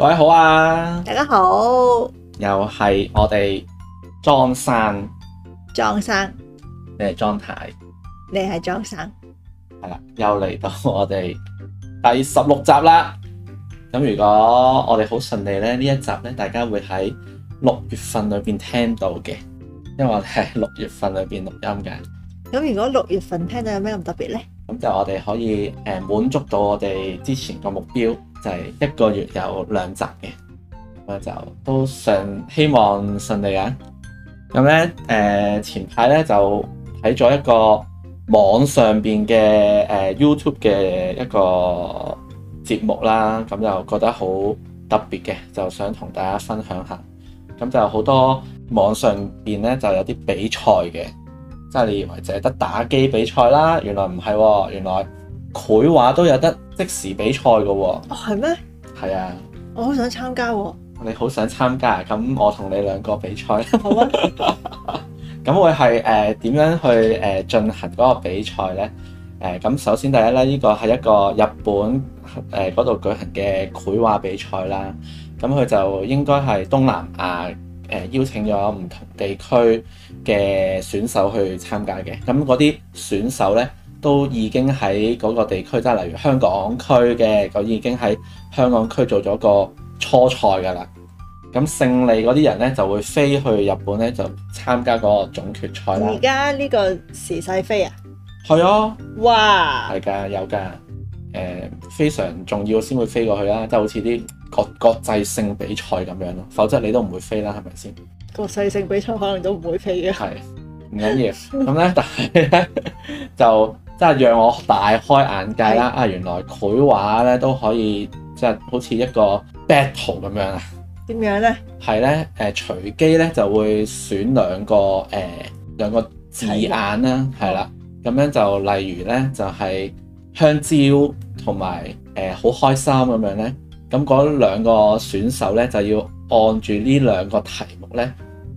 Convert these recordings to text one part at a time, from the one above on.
各位好啊！大家好！又係我哋莊生，莊生，你係莊太，你係莊生，係啦，又嚟到我哋第十六集啦。咁如果我哋好順利咧，呢一集咧，大家會喺六月份裏邊聽到嘅，因為我哋係六月份裏邊錄音嘅。咁如果六月份聽到有咩咁特別咧？咁就我哋可以誒滿足到我哋之前個目標。就係一個月有兩集嘅，咁就都順希望順利啊！咁咧誒前排咧就睇咗一個網上邊嘅誒、呃、YouTube 嘅一個節目啦，咁就覺得好特別嘅，就想同大家分享下。咁就好多網上邊咧就有啲比賽嘅，即係你以為淨係得打機比賽啦，原來唔係、哦，原來繪畫都有得。即時比賽嘅喎、哦哦，哦係咩？係是啊，我好想參加喎、哦。你好想參加啊？咁我同你兩個比賽， 好、呃、啊。咁會係誒點樣去誒、呃、進行嗰個比賽咧？誒、呃、咁首先第一咧，呢個係一個日本誒嗰度舉行嘅繪畫比賽啦。咁佢就應該係東南亞誒、呃、邀請咗唔同地區嘅選手去參加嘅。咁嗰啲選手咧。都已經喺嗰個地區，即係例如香港區嘅，佢已經喺香港區做咗個初賽㗎啦。咁勝利嗰啲人呢，就會飛去日本呢，就參加嗰個總決賽啦。而家呢個時勢飛啊？係啊！哇！係㗎，有㗎。誒，非常重要先會飛過去啦，即係好似啲國國際性比賽咁樣咯，否則你都唔會飛啦，係咪先？國際性比賽可能都唔會飛嘅。係，唔緊要。咁呢，但係 就。即係讓我大開眼界啦！啊的，原來繪畫咧都可以即係、就是、好似一個 battle 咁樣啊？點樣咧？係咧，誒，隨機咧就會選兩個誒兩、呃、個字眼啦，係啦，咁樣就例如咧就係、是、香蕉同埋誒好開心咁樣咧，咁嗰兩個選手咧就要按住呢兩個題目咧，誒、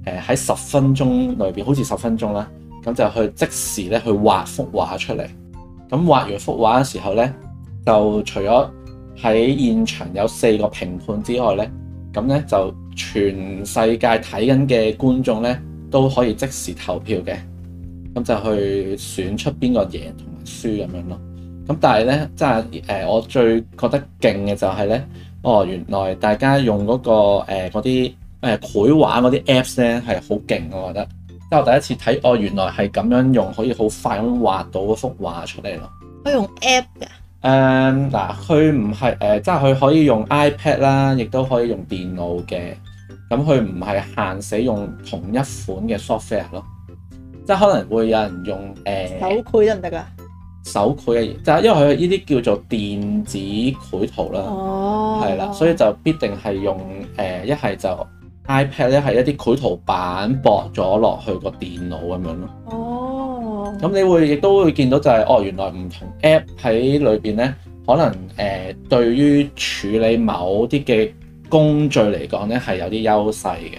呃、喺十分鐘裏邊好似十分鐘啦，咁就去即時咧去畫幅畫出嚟。咁畫完幅畫嘅時候咧，就除咗喺現場有四個評判之外咧，咁咧就全世界睇緊嘅觀眾咧都可以即時投票嘅，咁就去選出邊個贏同埋輸咁樣咯。咁但係咧，即係誒我最覺得勁嘅就係、是、咧，哦原來大家用嗰、那個嗰啲誒繪畫嗰啲 Apps 咧係好勁，我覺得。我第一次睇，我、哦、原來係咁樣用，可以好快咁畫到幅畫出嚟咯。佢用 app 嘅。誒嗱，佢唔係誒，即係佢可以用、um, 呃、用 iPad 啦，亦都可以用電腦嘅。咁佢唔係限死用同一款嘅 software 咯。即係可能會有人用誒。呃、手繪得唔得噶？手繪嘅，就係因為佢呢啲叫做電子繪圖啦，係啦，所以就必定係用誒，一、呃、係就。iPad 咧係一啲繪圖板，駁咗落去個電腦咁樣咯。哦。咁你會亦都會見到就係、是、哦，原來唔同 app 喺裏邊咧，可能誒、呃、對於處理某啲嘅工序嚟講咧係有啲優勢嘅。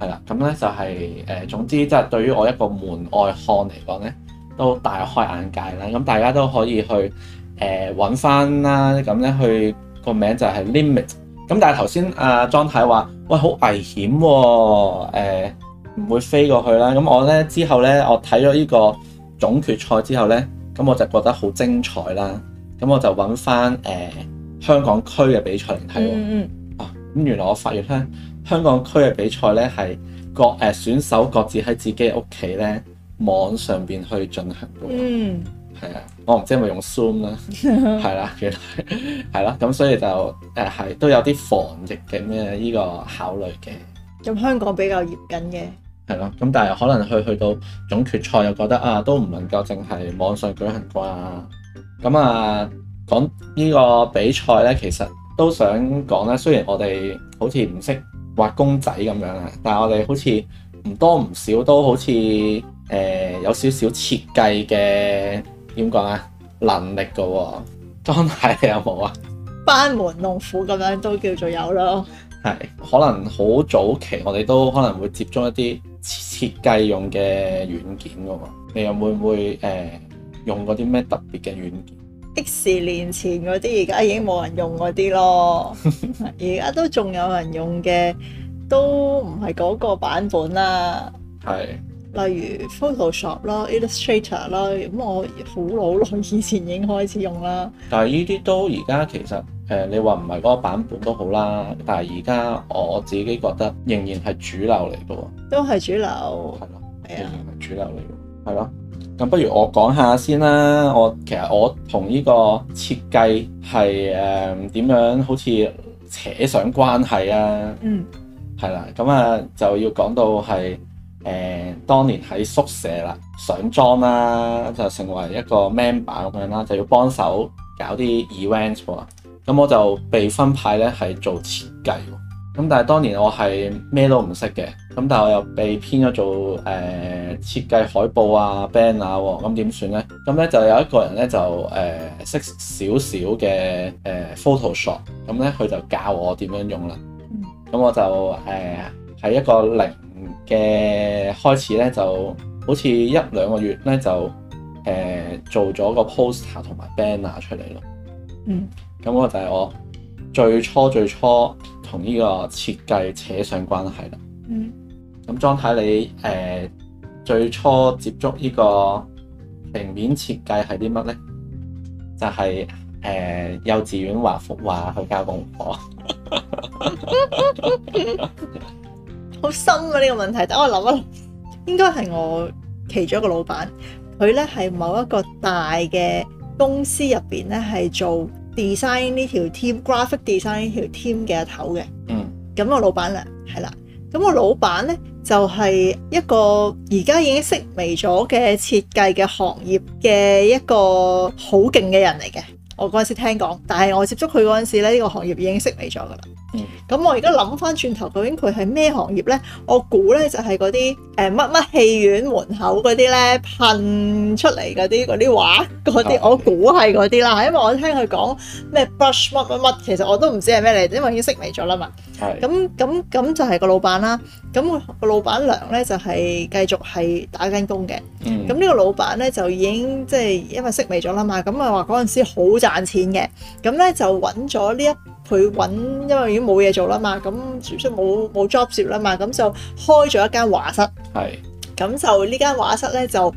係啦，咁咧就係、是、誒、呃，總之即係對於我一個門外漢嚟講咧，都大開眼界啦。咁大家都可以去誒搵返啦，咁咧去個名就係 LIMITS。咁但係頭先啊莊太話，喂好危險喎、哦，唔、呃嗯、會飛過去啦。咁我呢之後呢，我睇咗呢個總決賽之後呢，咁我就覺得好精彩啦。咁我就揾翻誒香港區嘅比賽嚟睇喎。嗯、啊，咁原來我發現呢，香港區嘅比賽呢係各誒、呃、選手各自喺自己屋企呢網上邊去進行嘅。係啊，我唔知係咪用 Zoom 啦，係啦， 原來係咯，咁所以就誒係都有啲防疫嘅咩呢個考慮嘅。咁香港比較嚴謹嘅。係咯，咁但係可能佢去，去到總決賽又覺得啊都唔能夠淨係網上舉行啩。咁啊講呢個比賽咧，其實都想講啦。雖然我哋好似唔識畫公仔咁樣啊，但係我哋好似唔多唔少都好似誒、欸、有少少設計嘅。點講啊？能力噶，當代你有冇啊？有有啊班門弄斧咁樣都叫做有咯。係， 可能好早期我哋都可能會接觸一啲設計用嘅軟件噶、啊。你有冇會誒用過啲咩特別嘅軟件？X 年前嗰啲，而家已經冇人用嗰啲咯。而家都仲有人用嘅， 都唔係嗰個版本啦、啊。係。 例如 Photoshop 啦、Illustrator 啦，咁我好老咯，以前已經開始用啦。但係呢啲都而家其實誒、呃，你話唔係嗰個版本都好啦。但係而家我自己覺得仍然係主流嚟嘅喎。都係主流。係咯吧。係啊。仍然係主流嚟嘅。係咯。咁不如我講下先啦。我其實我同呢個設計係誒點樣好似扯上關係啊？嗯。係啦。咁啊，就要講到係。誒、呃，當年喺宿舍啦，上裝啦，就成為一個 member 咁樣啦，就要幫手搞啲 event 喎。咁、嗯、我就被分派咧係做設計喎。咁、嗯、但係當年我係咩都唔識嘅。咁、嗯、但係我又被編咗做誒、呃、設計海報啊、banner 喎。咁點算咧？咁咧、嗯、就有一個人咧就誒識少少嘅誒 Photoshop、嗯。咁咧佢就教我點樣用啦。咁、嗯嗯嗯、我就誒係、呃、一個零嘅。開始咧就好似一兩個月咧就誒、呃、做咗個 poster 同埋 banner 出嚟咯。嗯，咁我、嗯、就係我最初最初同呢個設計扯上關係啦。嗯，咁莊太你誒、呃、最初接觸呢個平面設計係啲乜咧？就係、係、誒、呃、幼稚園畫幅畫去交功課。好深啊！呢、呢個問題，等我諗一諗。應該係我其中一個老闆，佢咧係某一個大嘅公司入邊咧係做 design，呢條 team graphic design 呢條 team 嘅一頭嘅。嗯，咁個老闆娘，係啦，咁個老闆咧就係、是、一個而家已經識微咗嘅設計嘅行業嘅一個好勁嘅人嚟嘅。我嗰陣時聽講，但係我接觸佢嗰陣時咧，呢、這個行業已經息微咗㗎啦。嗯，咁我而家諗翻轉頭，究竟佢係咩行業呢？我估呢就係嗰啲誒乜乜戲院門口嗰啲咧噴出嚟嗰啲嗰啲畫嗰啲，嗯、我估係嗰啲啦。因為我聽佢講咩 brush 乜乜乜，其實我都唔知係咩嚟，因為已經息微咗啦嘛。係是，咁咁咁就係個老闆啦。咁個老闆娘呢，就係、是、繼續係打緊工嘅。嗯，咁呢個老闆呢，就已經即係、就是、因為息微咗啦嘛。咁啊話嗰陣時好賺錢嘅，咁咧就揾咗呢一佢揾，因為已經冇嘢做啦嘛，咁即冇冇 job 接啦嘛，咁就開咗一間畫室。係是，咁就呢間畫室咧就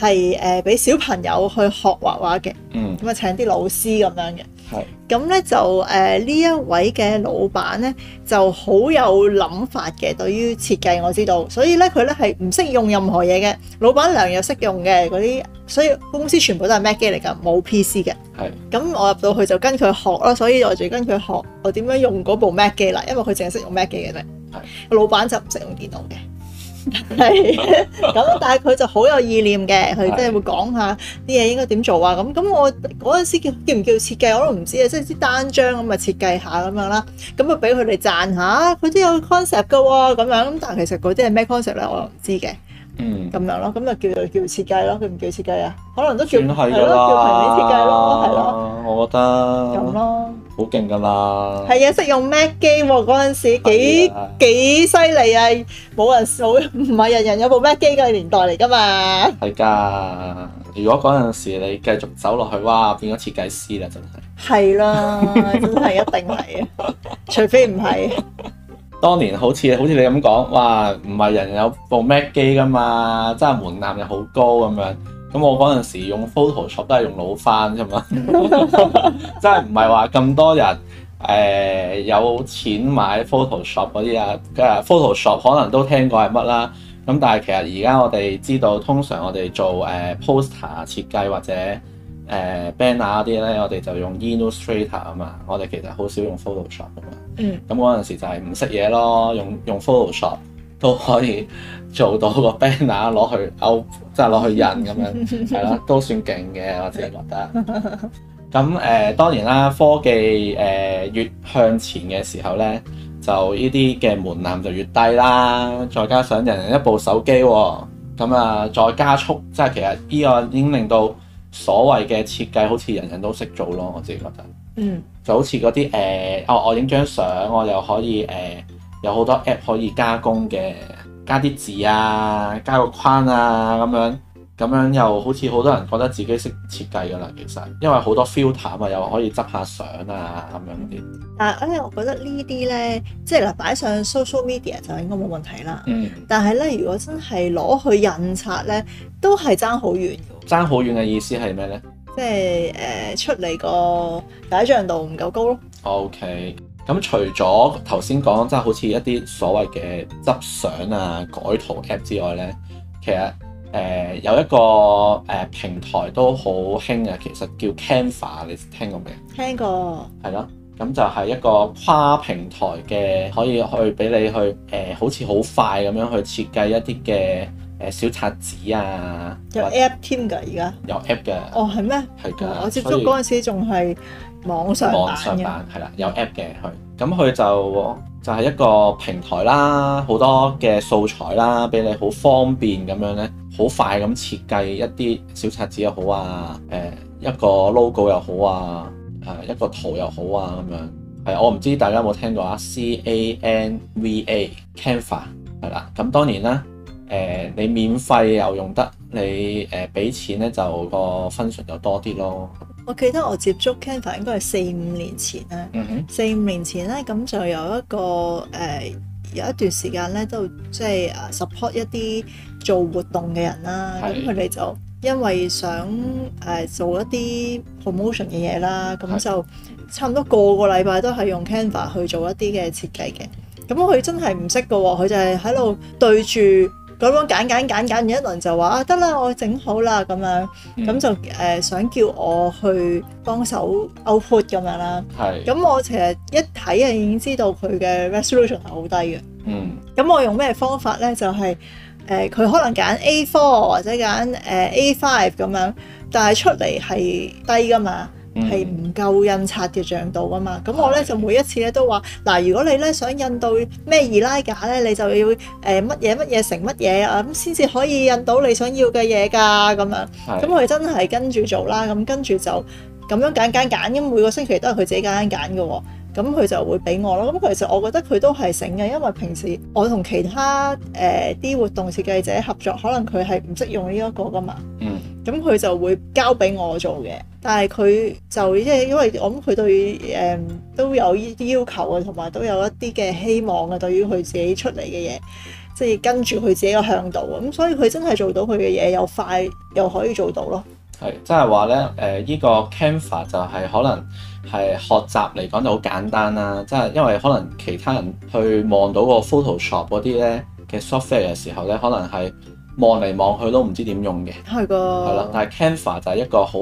係誒俾小朋友去學畫畫嘅，咁啊、嗯、請啲老師咁樣嘅。係咁咧就誒呢、呃、一位嘅老闆咧就好有諗法嘅，對於設計我知道，所以咧佢咧係唔識用任何嘢嘅，老闆娘又識用嘅嗰啲，所以公司全部都係 Mac 機嚟噶，冇 PC 嘅。係咁是我入到去就跟佢學囉，所以我就跟佢學我點樣用嗰部 Mac 機啦，因為佢淨係識用 Mac 機嘅啫。係是，老闆就唔識用電腦嘅。係咁， 但係佢就好有意念嘅，佢即係會講下啲嘢應該點做啊咁。咁我嗰陣時叫叫唔叫設計我都唔知啊，即係啲單張咁啊設計下咁樣啦，咁啊俾佢哋讚下，佢都有 concept 噶喎咁樣。咁但係其實嗰啲係咩 concept 咧，我又唔知嘅。嗯，咁樣咯，咁就叫做叫設計咯，佢唔叫設計啊？可能都叫係咯，叫平面設計咯，係咯。我覺得咁咯，好勁噶嘛。係啊，識用 Mac 機嗰陣時幾犀利啊！冇的、啊、人冇唔係人人有部 Mac 機嘅年代嚟噶嘛。係㗎，如果嗰陣時你繼續走落去，哇，變咗設計師啦，真係。係啦，真係一定係啊， 除非唔係。當年好似好似你咁講，哇！唔係人有部 Mac 機㗎嘛，真係門檻又好高咁樣。咁我嗰陣時用 Photoshop 都係用老翻啫嘛， 真係唔係話咁多人誒、呃、有錢買 Photoshop 嗰啲啊。Photoshop 可能都聽過係乜啦。咁但係其實而家我哋知道，通常我哋做誒、呃、poster 設計或者。誒、uh, banner 啲咧，我哋就用 Illustrator 啊嘛，我哋其實好少用 Photoshop 噶嘛。嗯。咁嗰陣時就係唔識嘢咯，用用 Photoshop 都可以做到個 banner 攞去 out，即係攞去印咁樣，係啦， 都算勁嘅，我自己覺得。咁誒、 呃，當然啦，科技誒、呃、越向前嘅時候咧，就呢啲嘅門檻就越低啦，再加上人人一部手機，咁啊再加速，即係其實依、e、個已經令到。所謂嘅設計好似人人都識做咯，我自己覺得。嗯，就好似嗰啲誒，哦、呃，我影張相，我又可以誒、呃，有好多 app 可以加工嘅，加啲字啊，加個框啊咁樣。咁樣又好似好多人覺得自己識設計噶啦，其實因為好多 filter 啊，又可以執下相啊咁樣啲、嗯。但係，誒，我覺得呢啲咧，即係嗱，擺上 social media 就應該冇問題啦。嗯。但係咧，如果真係攞去印刷咧，都係爭好遠。爭好遠嘅意思係咩咧？即係誒、呃，出嚟個解像度唔夠高咯。OK。咁除咗頭先講，即係好似一啲所謂嘅執相啊、改圖 app 之外咧，其實。誒、呃、有一個誒、呃、平台都好興嘅，其實叫 Canva，你聽過未？聽過。係咯，咁就係一個跨平台嘅，可以去俾你去誒，好似好快咁樣去設計一啲嘅誒小冊子啊，有 App 添㗎或，而家有 App 嘅。APP 哦，係咩？係㗎的、哦，我接觸嗰陣時仲係。網上版嘅，係啦對，有 app 嘅佢，咁佢就就係、係、一個平台啦，好多嘅素材啦，俾你好方便咁樣咧，好快咁設計一啲小冊子又好啊，誒一個 logo 又好啊，誒一個圖又好啊咁樣，係我唔知大家有冇聽過啊，Canva，n a 係啦，咁當然啦，誒、呃、你免費又用得，你誒俾錢咧就、嗰個 function 就多啲咯。我記得我接觸 Canva 應該係四五年前啦，mm hmm. 四五年前咧，咁就有一個誒、呃、有一段時間咧，都即係 support 一啲做活動嘅人啦，咁佢哋就因為想誒、呃、做一啲 promotion 嘅嘢啦，咁就差唔多個個禮拜都係用 Canva 去做一啲嘅設計嘅，咁佢真係唔識嘅喎，佢就係喺度對住。咁樣揀揀揀，揀完一輪就話，啊，得啦，我整好啦咁樣，咁就誒、呃、想叫我去幫手 output 咁樣啦。係是，咁我其實一睇啊，已經知道佢嘅 resolution 係好低嘅。嗯，咁我用咩方法咧？就係、是、誒，佢、呃、可能揀 A4 或者揀誒 A5 咁樣，但係出嚟係低噶嘛。係唔夠印刷嘅像度啊嘛，咁我咧的就每一次咧都話，嗱如果你咧想印到咩二拉架咧，你就要誒乜嘢乜嘢成乜嘢啊，咁先至可以印到你想要嘅嘢㗎咁樣。咁佢的真係跟住做啦，咁跟住就咁樣揀揀揀，咁每個星期都係佢自己揀揀揀嘅喎。咁佢就會俾我咯。咁其實我覺得佢都係醒嘅，因為平時我同其他誒啲、呃、活動設計者合作，可能佢係唔識用呢一個㗎嘛。嗯。咁佢、嗯、就會交俾我做嘅，但係佢就即係因為我諗佢對誒都有依啲要求啊，同、嗯、埋都有一啲嘅希望啊，對於佢自己出嚟嘅嘢，即係跟住佢自己嘅向度啊，咁、嗯、所以佢真係做到佢嘅嘢又快又可以做到咯。係即係話咧誒，依、就是呃這個 Canva m 就係可能係學習嚟講就好簡單啦，即、就、係、是、因為可能其他人去望到個 Photoshop 嗰啲咧嘅 software 嘅時候咧，可能係。望嚟望去都唔知點用嘅，係個的，係啦。但係 Canva 就係一個好，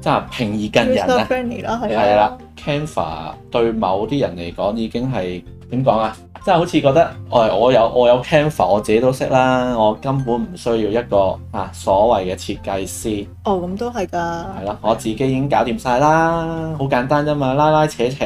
即係平易近人啦。係啦，Canva 對某啲人嚟講已經係點講啊？即係好似覺得誒、哎，我有我有 Canva，我自己都識啦，我根本唔需要一個啊所謂嘅設計師。哦，咁都係㗎。係啦，我自己已經搞掂晒啦，好的簡單啫嘛，拉拉扯扯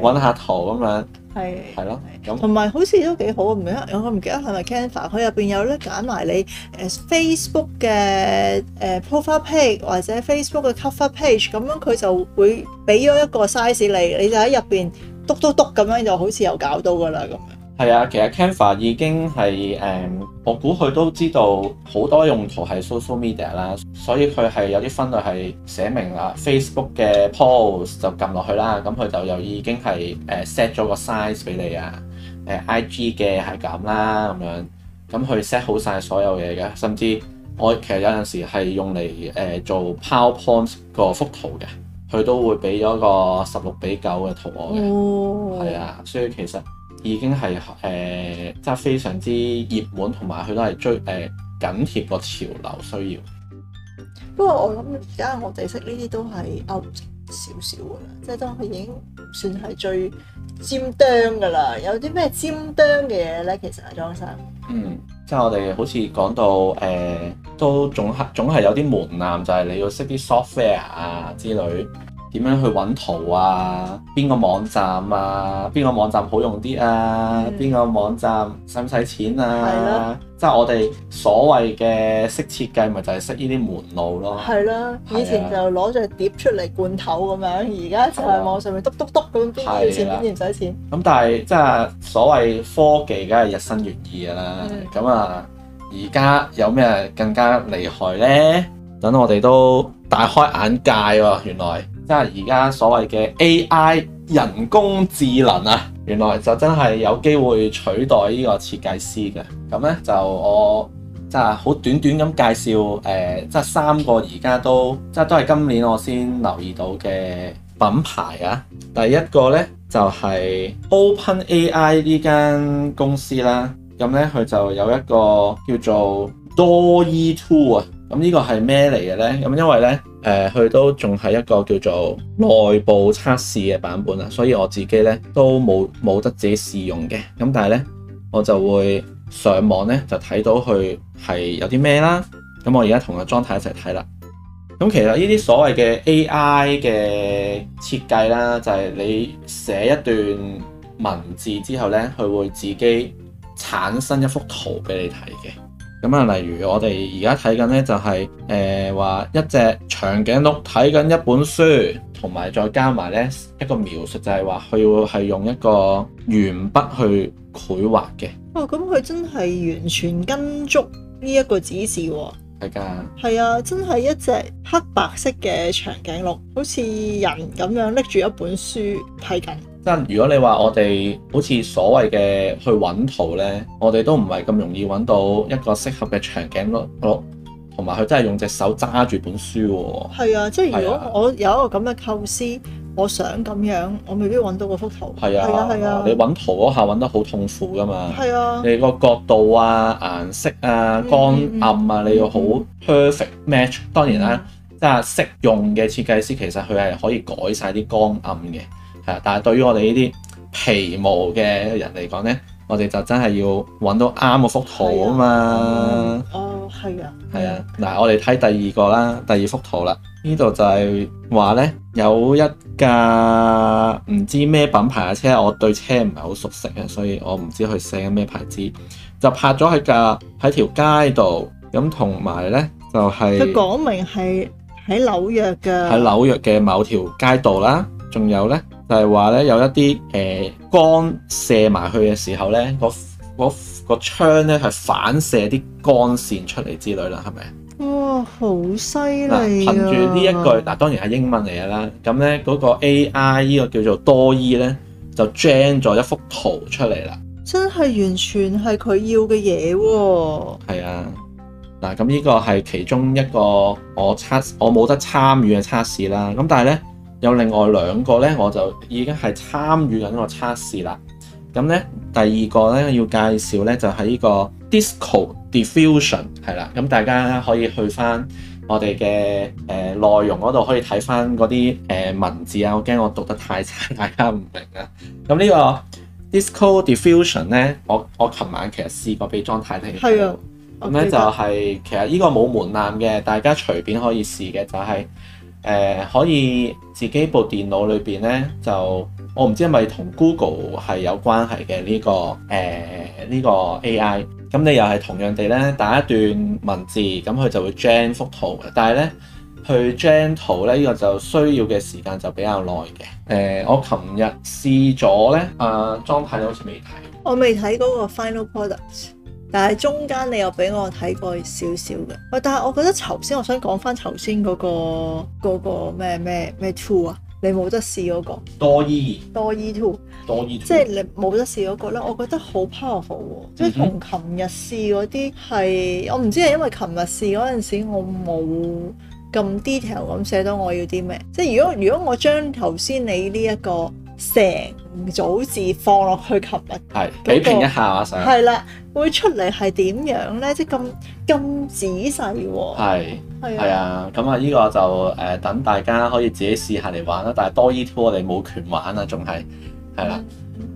搵下圖咁樣。係係咯，同埋的、嗯、好似都幾好，唔記得，我唔記得係咪 Canva，佢入邊有咧揀埋你誒 Facebook 嘅誒 profile page 或者 Facebook 嘅 cover page，咁樣佢就會俾咗一個 size 你嘟嘟嘟嘟，你就喺入邊篤篤篤咁樣就好似又搞到㗎啦咁。係啊，其實 Canva 已經係誒，um, 我估佢都知道好多用途係 social media 啦，所以佢係有啲分類係寫明啦。Facebook 嘅 post 就撳落去啦，咁佢就又已經係誒 set 咗個 size 俾你啊。誒、uh, IG 嘅係咁啦，咁樣咁佢 set 好晒所有嘢嘅，甚至我其實有陣時係用嚟誒、uh, 做 PowerPoint 個幅圖嘅，佢都會俾咗個十六比九嘅圖我嘅，係、oh. 啊，所以其實。已經係誒、呃，即係非常之熱門，同埋佢都係追誒緊貼個潮流需要。不過我諗而家我哋識呢啲都係 out 少少嘅啦，即係當佢已經算係最尖端嘅啦。有啲咩尖端嘅嘢咧？其實裝、啊、修，莊生嗯，即係我哋好似講到誒、呃，都總係總係有啲門檻，就係、是、你要識啲 software 啊之類。點樣去揾圖啊？邊個網站啊？邊個網站好用啲啊？邊的個網站使唔使錢啊？的即係我哋所謂嘅識設計，咪就係識呢啲門路咯。係咯的，的以前就攞隻碟出嚟罐頭咁樣，而家就係網上面篤篤篤咁，邊啲使錢邊啲唔使錢。咁但係即係所謂科技，梗係日新月異啦。咁的啊，而家有咩更加厲害呢？等我哋都大開眼界喎！原來。即係而家所謂嘅 A.I. 人工智能啊，原來就真係有機會取代呢個設計師嘅。咁呢，就我即係好短短咁介紹，誒、呃，即係三個而家都即係都係今年我先留意到嘅品牌啊。第一個呢，就係、是、OpenAI 呢間公司啦。咁呢，佢就有一個叫做 DALL-E Two 啊。咁呢個係咩嚟嘅呢？咁因為呢。誒，佢都仲係一個叫做內部測試嘅版本啦，所以我自己咧都冇冇得自己試用嘅。咁但係咧，我就會上網咧就睇到佢係有啲咩啦。咁我而家同個莊太一齊睇啦。咁其實呢啲所謂嘅 AI 嘅設計啦，就係你寫一段文字之後咧，佢會自己產生一幅圖俾你睇嘅。咁啊，例如我哋而家睇緊呢，就係誒，話一隻長頸鹿睇緊一本書，同埋再加埋呢一個描述，就係話佢會係用一個鉛筆去繪畫嘅。哦，咁佢真係完全跟足呢一個指示喎、哦。係㗎的。係啊，真係一隻黑白色嘅長頸鹿，好似人咁樣拎住一本書睇緊。即係如果你話我哋好似所謂嘅去揾圖呢，我哋都唔係咁容易揾到一個適合嘅長頸鹿囉，同埋佢真係用隻手揸住本書喎。係啊，即、就、係、是、如果我有一個咁嘅構思，我想咁樣，我未必揾到嗰幅圖。係啊係啊，你揾圖嗰下揾得好痛苦噶嘛。係啊，你個角度啊、顏色啊、光暗啊，嗯嗯、你要好 perfect match、嗯。嗯、當然啦、啊，即係識用嘅設計師其實佢係可以改晒啲光暗嘅。係啊，但係對於我哋呢啲皮毛嘅人嚟講呢，我哋就真係要揾到啱嗰幅圖嘛啊嘛、嗯。哦，係啊。係啊，嗱、啊，我哋睇第二個啦，第二幅圖啦。呢度就係話呢，有一架唔知咩品牌嘅車，我對車唔係好熟悉啊，所以我唔知佢寫緊咩牌子，就拍咗喺架喺條街度咁，同埋呢，就係。佢講明係喺紐約嘅。喺紐約嘅某條街道啦，仲有呢。就係話咧，有一啲誒、呃、光射埋去嘅時候咧，個、那個槍咧係反射啲光線出嚟之類啦，係咪？哇，好犀利、啊啊、憑住呢一句，嗱、啊、當然係英文嚟嘅啦。咁咧嗰個 AI 呢個叫做多伊咧，就 generate 一幅圖出嚟啦。真係完全係佢要嘅嘢喎。係啊，嗱咁呢個係其中一個我測我冇得參與嘅測試啦。咁、嗯、但係咧。有另外兩個咧，我就已經係參與緊個測試啦。咁咧，第二個咧要介紹咧就係呢個 Disco Diffusion 係啦。咁、嗯、大家可以去翻我哋嘅誒內容嗰度，可以睇翻嗰啲誒文字啊。我驚我讀得太差，大家唔明啊。咁呢個 Disco Diffusion 咧，我我琴晚其實試過俾莊太睇。係啊。咁咧就係其實呢個冇門檻嘅，大家隨便可以試嘅就係、是。誒、呃、可以自己部電腦裏邊呢，就我唔知係咪同 Google 係有關係嘅呢、呢個誒呢、呃呢個 AI。咁你又係同樣地呢，打一段文字，咁佢就會 generate 幅圖。但係呢，去 generate 圖呢、呢個就需要嘅時間就比較耐嘅。誒、呃，我琴日試咗呢，阿莊太好似未睇，我未睇嗰個 final product。但係中間你又俾我睇過少少嘅，喂！但係我覺得頭先我想講翻頭先嗰個咩咩咩 two 啊，你冇得試嗰個多 E 以多 E 以 two 多 E，即係你冇得試嗰個咧，我覺得好 powerful 喎！即係同琴日試嗰啲係，我唔知係因為琴日試嗰陣時我冇咁 detail 咁寫到我要啲咩，即係如果如果我將頭先你呢一個。成組字放落去，琴日係比拼一下嘛，想係啦，會出嚟係點樣咧？即係咁咁仔細喎。係係啊，咁啊，呢個就誒等大家可以自己試下嚟玩啦。但係多於 two，我哋冇權玩啊，仲係係啦。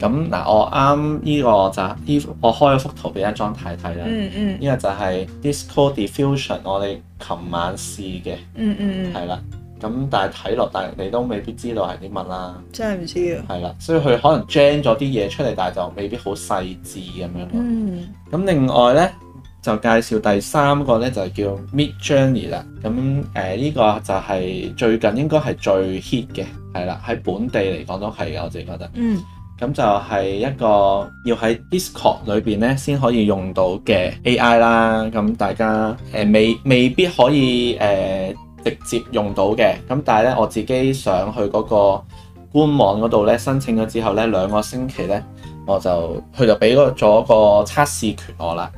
咁嗱、mm hmm.，我啱呢、mm hmm. 個就係我開咗幅圖俾莊太睇睇啦。嗯嗯，呢個就係 Disco Diffusion，我哋琴晚試嘅。嗯嗯嗯，係、hmm. 啦。咁但係睇落，但係你都未必知道係啲乜啦。真係唔知啊。係啦，所以佢可能 gen 咗啲嘢出嚟，但係就未必好細緻咁樣咯。嗯。咁另外咧，就介紹第三個咧，就係叫 Midjourney 啦。咁誒呢個就係最近應該係最 hit 嘅，係啦，喺本地嚟講都係嘅，我自己覺得。嗯。咁就係一個要喺 Discord 裏邊咧，先可以用到嘅 AI 啦。咁大家誒、呃，未未必可以誒。呃直接用到嘅，咁但係咧，我自己上去嗰個官網嗰度咧，申請咗之後咧，兩個星期咧，我就佢就俾咗個測試權我啦。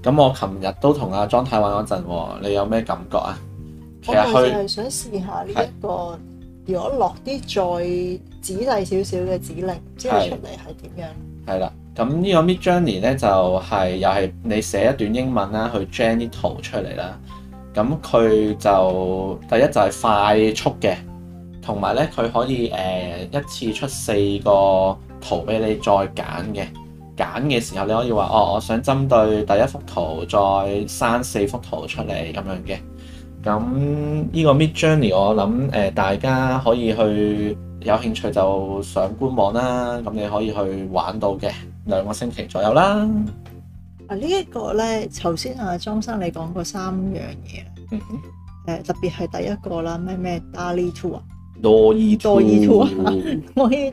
咁我琴日都同阿莊太玩嗰陣，你有咩感覺啊？其實係想試下呢一個，如果落啲再仔細少少嘅指令，即係出嚟係點樣？係啦，咁呢個 Midjourney 咧就係又係你寫一段英文啦，去 generate 圖出嚟啦。咁佢就第一就係快速嘅，同埋咧佢可以誒、呃、一次出四個圖俾你再揀嘅，揀嘅時候你可以話哦，我想針對第一幅圖再生四幅圖出嚟咁樣嘅。咁呢、這個 Midjourney 我諗誒、呃、大家可以去有興趣就上官網啦，咁你可以去玩到嘅兩個星期左右啦。啊！這個、呢一個咧，頭先阿莊生你講過三樣嘢，誒、mm hmm. 呃、特別係第一個啦，咩咩 DALL-E 2啊，DALL-E DALL-E 2啊，DALL-E 2，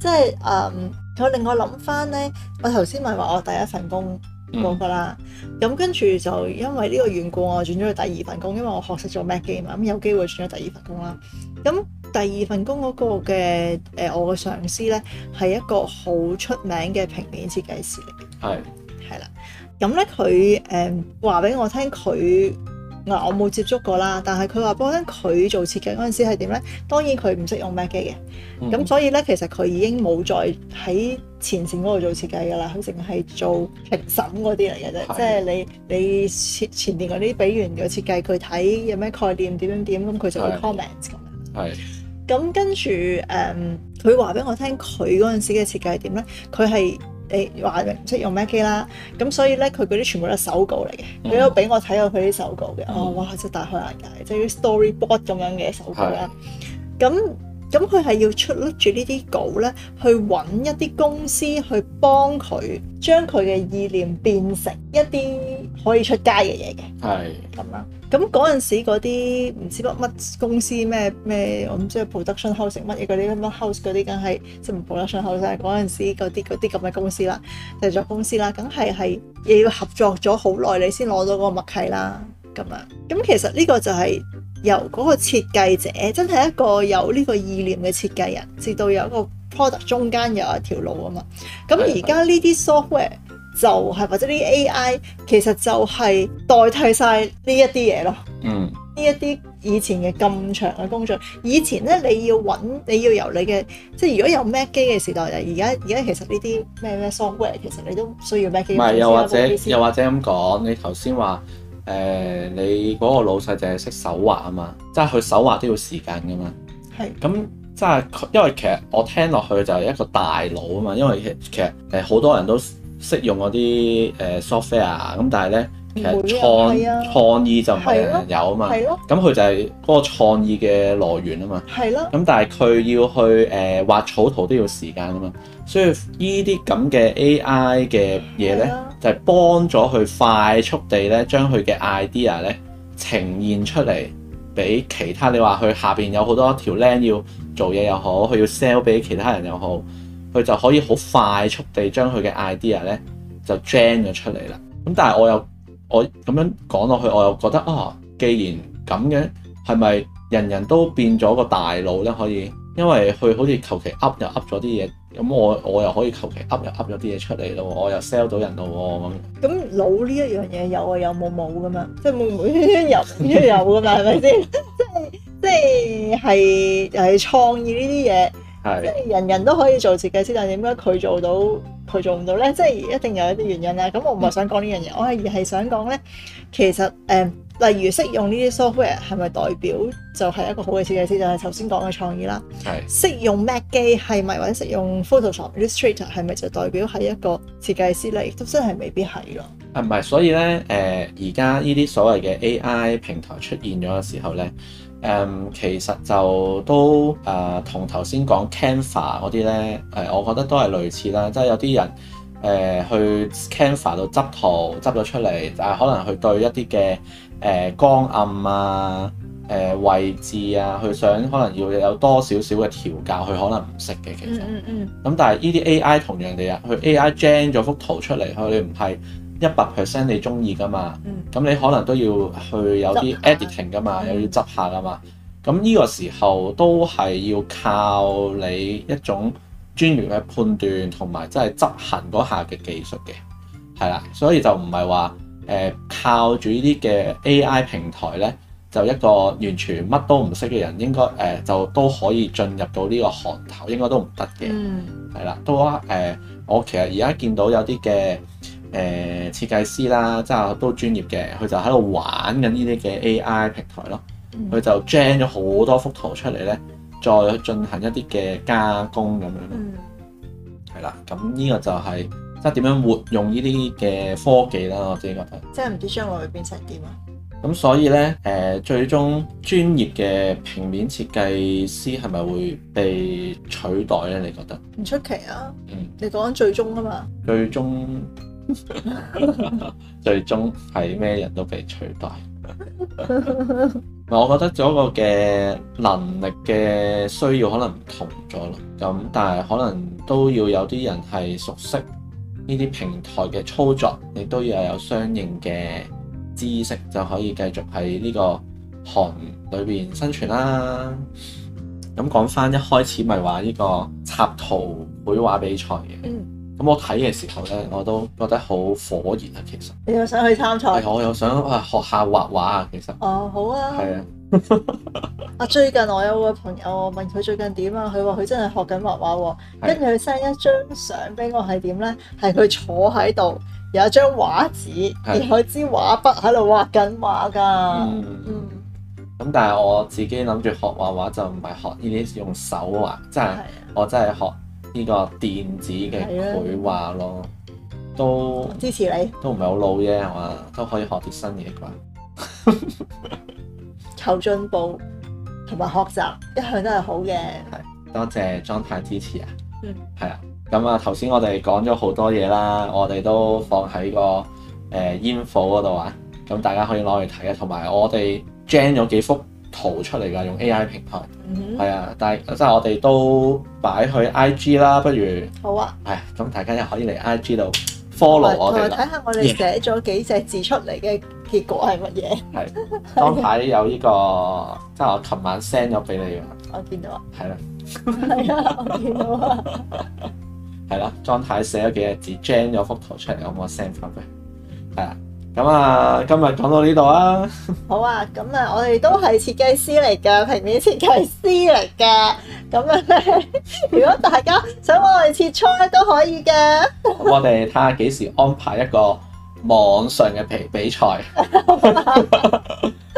即係誒，佢、嗯、令我諗翻咧，我頭先咪話我第一份工嗰個啦，咁、嗯嗯、跟住就因為呢個緣故，我轉咗去第二份工，因為我學識咗 Mac 機嘛、嗯、咁有機會轉咗第二份工啦。咁、嗯、第二份工嗰個嘅誒、呃，我嘅上司咧係一個好出名嘅平面設計師嚟嘅，係。 咁咧佢誒話俾我聽，佢嗱我冇接觸過啦，但係佢話俾我聽，佢做設計嗰陣時係點咧？當然佢唔識用 Mac 機嘅，咁、嗯、哼所以咧其實佢已經冇再喺前線嗰度做設計噶啦，佢淨係做評審嗰啲嚟嘅啫，的即係你你前前面嗰啲俾完個設計佢睇有咩概念點樣點，咁佢就會 comment 咁的樣。係的。咁跟住誒，佢話俾我聽，佢嗰陣時嘅設計係點咧？佢係。你話唔識用 Mac 機啦，咁所以咧佢嗰啲全部都係手稿嚟嘅，佢都俾我睇過佢啲手稿嘅，嗯、哦，哇，真係大開眼界，即係啲 storyboard 咁樣嘅手稿啦。咁咁佢係要出 look 住呢啲稿咧，去揾一啲公司去幫佢將佢嘅意念變成一啲可以出街嘅嘢嘅，係咁啦。嗯咁嗰陣時嗰啲唔知乜乜公司咩咩，我唔知係 production house 乜嘢嗰啲乜 house 嗰啲，梗係即唔係 production house，即係嗰時嗰啲啲咁嘅公司啦，製作公司啦，梗係係又要合作咗好耐，你先攞到嗰個默契啦咁樣。咁其實呢個就係由嗰個設計者真係一個有呢個意念嘅設計人，至到有一個 product 中間有一條路啊嘛。咁而家呢啲 software 就係、是、或者啲 AI 其實就係代替晒呢一啲嘢咯。嗯，呢一啲以前嘅咁長嘅工作，以前咧你要揾，你要由你嘅，即係如果有 Mac 機嘅時代啊，而家而家其實呢啲咩咩 software 其實你都需要 Mac 機，唔係、啊、又或者、啊、又或者咁講，你頭先話誒你嗰個老細淨係識手畫啊嘛，即係佢手畫都要時間㗎嘛。係是。咁即係因為其實我聽落去就係一個大腦啊嘛，因為其實誒好多人都，識用嗰啲誒 software，咁但係咧其實創、啊、創意就唔係人人有啊嘛，咁佢、啊、就係嗰個創意嘅來源啊嘛，咁、啊、但係佢要去誒、呃、畫草圖都要時間啊嘛，所以這這的的呢啲咁嘅 AI 嘅嘢咧就係幫咗佢快速地咧將佢嘅 idea 咧呈現出嚟俾其他，你話佢下邊有好多條僆要做嘢又好，佢要 sell 俾其他人又好。佢就可以好快速地將佢嘅 idea 咧就 gen 咗出嚟啦。咁但係我又我咁樣講落去，我又覺得啊，既然咁樣，係咪人人都變咗個大腦咧？可以，因為佢好似求其噏就噏咗啲嘢，咁我我又可以求其噏就噏咗啲嘢出嚟咯。我又 sell 到人咯。咁腦呢一樣嘢有啊有冇冇㗎嘛？即係冇冇圈圈入圈入㗎嘛？係咪先？即係即係係又係創意呢啲嘢。是即係人人都可以做設計師，但係點解佢做到佢做唔到咧？即係一定有一啲原因啦。咁我唔係想講呢樣嘢，我而係想講咧，其實誒、呃，例如識用呢啲 software 係咪代表就係一個好嘅設計師？就係頭先講嘅創意啦。係識是用 Mac 機係咪或者識用 Photoshop、Illustrator 係咪就代表係一個設計師嚟？都真係未必係咯。啊唔係，所以咧誒，而家呢啲所謂嘅 AI 平台出現咗嘅時候咧。誒、嗯、其實就都誒同頭先講 Canva 嗰啲咧，誒、呃呃、我覺得都係類似啦，即、就、係、是、有啲人誒、呃、去 Canva 度執圖執咗出嚟，但誒可能佢對一啲嘅誒光暗啊、誒、呃、位置啊，佢想可能要有多少少嘅調教，佢可能唔識嘅其實嗯嗯嗯。咁但係呢啲 AI 同樣哋啊，佢 AI gen 咗幅圖出嚟，佢哋唔係，一百 percent 你中意噶嘛？咁、嗯、你可能都要去有啲 editing 噶嘛，又要執下噶嘛。咁呢、嗯、個時候都係要靠你一種專業嘅判斷同埋即係執行嗰下嘅技術嘅，係啦。所以就唔係話誒靠住呢啲嘅 AI 平台咧，就一個完全乜都唔識嘅人應該誒、呃、就都可以進入到呢個行頭，應該都唔得嘅。係啦、嗯，都誒、呃、我其實而家見到有啲嘅。誒、呃、設計師啦，即係都專業嘅，佢就喺度玩緊呢啲嘅 AI 平台咯，佢、嗯、就 generate 咗好多幅圖出嚟咧，再進行一啲嘅加工咁樣咯，係、嗯、啦，咁呢個就係、是嗯、即係點樣活用呢啲嘅科技啦，我自己覺得。即係唔知將來會變成點啊？咁所以咧，誒、呃、最終專業嘅平面設計師係咪會被取代咧？你覺得？唔出奇啊，嗯、你講緊最終啊嘛。最終。 最終係咩人都被取代。 我覺得嗰個嘅能力嘅需要可能唔同咗啦。咁但係可能都要有啲人係熟悉呢啲平台嘅操作，你都要有相應嘅知識，就可以繼續喺呢個行裏邊生存啦。咁講翻一開始咪話呢個插圖繪畫比賽嘅。嗯咁、嗯、我睇嘅時候咧，我都覺得好火熱啊！其實你又想去參賽？係、哎，我又想啊學下畫畫啊！其實哦，好啊，係是啊！啊， 最近我有個朋友，我問佢最近點啊，佢話佢真係學緊畫畫喎。跟住佢 send 一張相俾我，係點咧？係佢坐喺度，有一張畫紙，啊、然後支畫筆喺度畫緊畫噶。嗯，咁、嗯、但係我自己諗住學畫畫就唔係學呢啲用手畫，真係、係啊我真係學。呢個電子嘅繪畫咯，都支持你，都唔係好老啫，係嘛？都可以學啲新嘢啩， 求進步同埋學習一向都係好嘅。係，多謝莊太支持、嗯、啊。嗯，係啊。咁、呃、啊，頭先我哋講咗好多嘢啦，我哋都放喺個誒煙火嗰度啊，咁大家可以攞嚟睇啊。同埋我哋 Jane 咗幾幅圖出嚟㗎，用 AI 平台，係啊、mm hmm.，但即係我哋都擺去 IG 啦，不如好啊，係，咁大家又可以嚟 IG 度 follow 和我哋啦，同埋睇下我哋寫咗幾隻字出嚟嘅結果係乜嘢。係，莊太有呢、呢個，即係 的我琴晚 send 咗俾你嘅。我見到啊，係啦，係啊，我見到啊，係啦，莊太寫咗幾隻字 generate 幅圖出嚟，我冇 send 翻佢，係。咁啊，今日講到呢度啊。好啊，咁啊，我哋都係設計師嚟噶，平面設計師嚟噶。咁啊，如果大家想我哋切磋都可以嘅。我哋睇下幾時安排一個網上嘅比比賽。呢 Pla Ham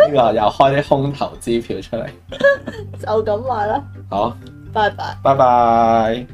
ia 個又開啲空頭支票出嚟。 就咁話啦。好，拜拜。拜拜。